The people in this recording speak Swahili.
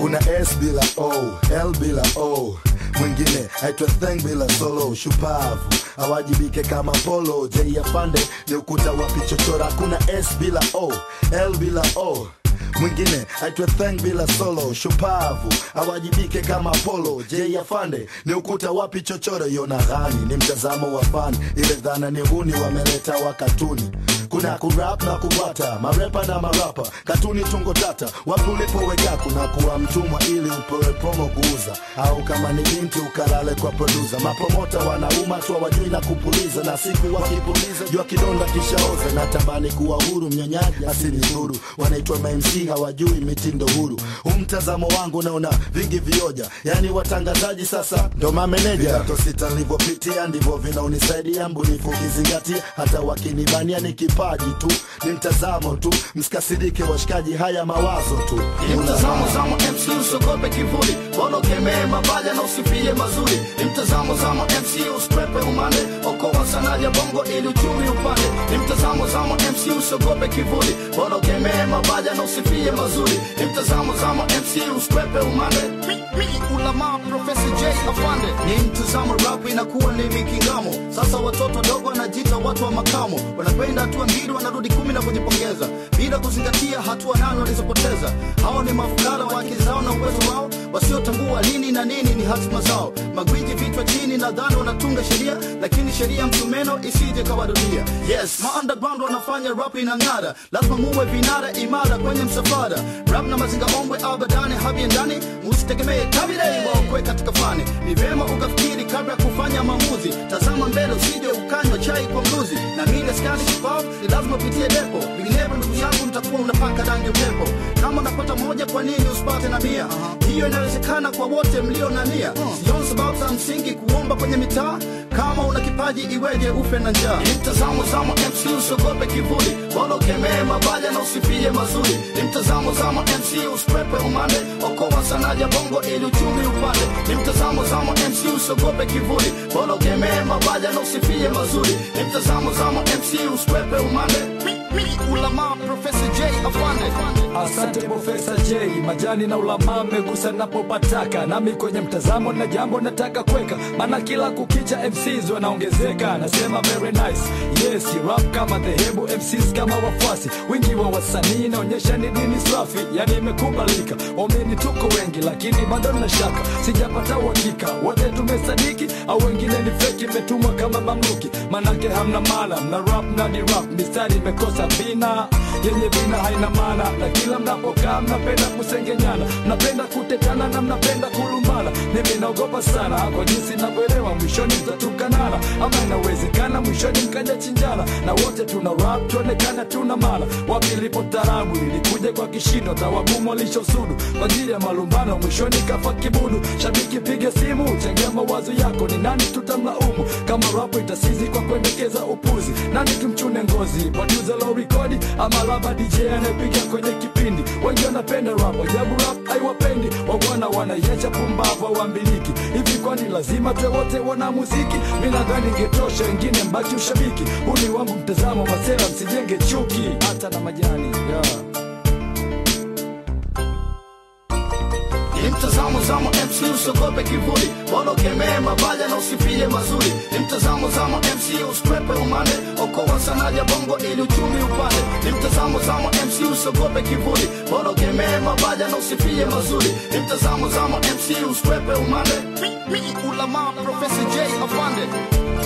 kuna s bila o l bila o mwingine aitwa thank bila solo shupavu awajibike kama polo jei pande ni ukuta wa pichochora kuna s bila o l bila o mwingine aitwe thank bila solo, shupavu awajibike kama polo. Je, afande ni ukuta wapi chochoro? Yona ghani ni mtazamo wa fani, ile dhana ni huni wameleta katuni kuna kurap na kuwata marepa na marapa katuni tungo tata wapi ulipoweka kuna kuwa mtumwa ili upewe promo kuuza au kama ni binti ukalale kwa produsa mapromota wanauma twa wajui na kupuliza na siku wakipuliza jua kidonda kishaoza na tamani kuwa huru asini huru wanaitwa mainz wananchi hawajui mitindo huru. Umtazamo wangu naona vingi vioja, yani watangazaji sasa ndo mameneja. Vitato sita nilivyopitia ndivyo vinaonisaidia mbunifu kizingatia, hata wakinibania ni kipaji tu, ni mtazamo tu, msikasirike washikaji, haya mawazo tu. Ni nisifie mazuri ni mtazamo zamo mc uskwepe umande ulama profesa j afande ni mtazamo rapu inakuwa ni mikingamo sasa watoto dogo wanajiita watu wa makamo wanakwenda hatua mbili wanarudi kumi na kujipongeza bila kuzingatia hatua nano walizopoteza hao ni mafukara wa akili zao na uwezo wao wasiotambua lini na nini ni hatima zao. Magwiji vichwa chini, nadhani wanatunga sheria, lakini sheria msumeno isije kawadunia. Yes, ma wanafanya rap inang'ara, lazima muwe vinara imara kwenye msafara. Rap na mazinga ombwe abadani haviendani, musitegemee kabila katika fani. Ni vema ukafikiri kabla ya kufanya maamuzi, tazama mbele usije ukanywa chai kwa mluzi. Na mimi Skani Kipop ni lazima upitie depo, vinginevyo ndugu yangu utakuwa unapaka rangi upepo. Kama unapata moja, kwa nini usipate na mia? Hiyo inawezekana kwa wote mlio na nia. Sioni sababu za msingi kuomba kwenye mitaa. Kama una kipaji iweje ufe na njaa? Ni mtazamo zamo MC, usiogope kivuli, bora ukemee mabaja na usifie mazuri. Ni mtazamo zamo MC, usikwepe umande, okoa sanaja bongo ili uchumi upande. Ni mtazamo zamo MC, usiogope kivuli, bora ukemee mabaja na usifie mazuri. Ni mtazamo zamo MC, usikwepe umande ulama Profesa J afande. Asante Profesa J, majani na ulama megusa napopataka, nami kwenye mtazamo na jambo nataka kuweka, maana kila kukicha MCs wanaongezeka, nasema very nice yes rap kama dhehebu, MCs kama wafuasi, wingi wa wasanii inaonyesha ni dini safi, yani imekubalika. Waumini tuko wengi, lakini bado na shaka, sijapata uhakika wote tumesadiki au wengine ni feki, imetumwa kama mamluki, manake hamna mala na rap na ni rap, mistari imekosa bina yenye bina haina maana, na kila mnapokaa mnapenda kusengenyana, mnapenda kutetana na mnapenda kulumbana. Mimi naogopa sana kwa jinsi navyoelewa, mwishoni mtatukanana, ama inawezekana mwishoni mkaja chinjana na wote tuna rap tuonekana tuna mala wapi tarabu nilikuja kwa kishindo tawagumu walishosudu kwa ajili ya malumbano mwishoni kafa kibudu shabiki piga simu changia mawazo yako ni nani tutamlaumu kama rapu itasizi kwa kuendekeza upuzi nani tumchune ngozi producer low record ama raba DJ anayepiga kwenye kipindi wengi wanapenda rap jabu rap haiwapendi wagwana wanaiacha pumbavu wambiliki hivi kwani lazima tuwe wote wana muziki. Mimi nadhani ingetosha, wengine mbaki ushabiki. Huu ni wangu mtazamo masera msijenge chuki hata na majani yeah. mtazamo zamo MC usogope kivuli, wala kemee mabaya na usifie mazuri. Ni mtazamo zamo MC usikwepe umane wako ya bongo ili uchumi upande ni mtazamo zama mc usiogope kivuli bora ukemee mabaja na usifie mazuri ni mtazamo zama mc usikwepe umande mi, mi, ulama j afande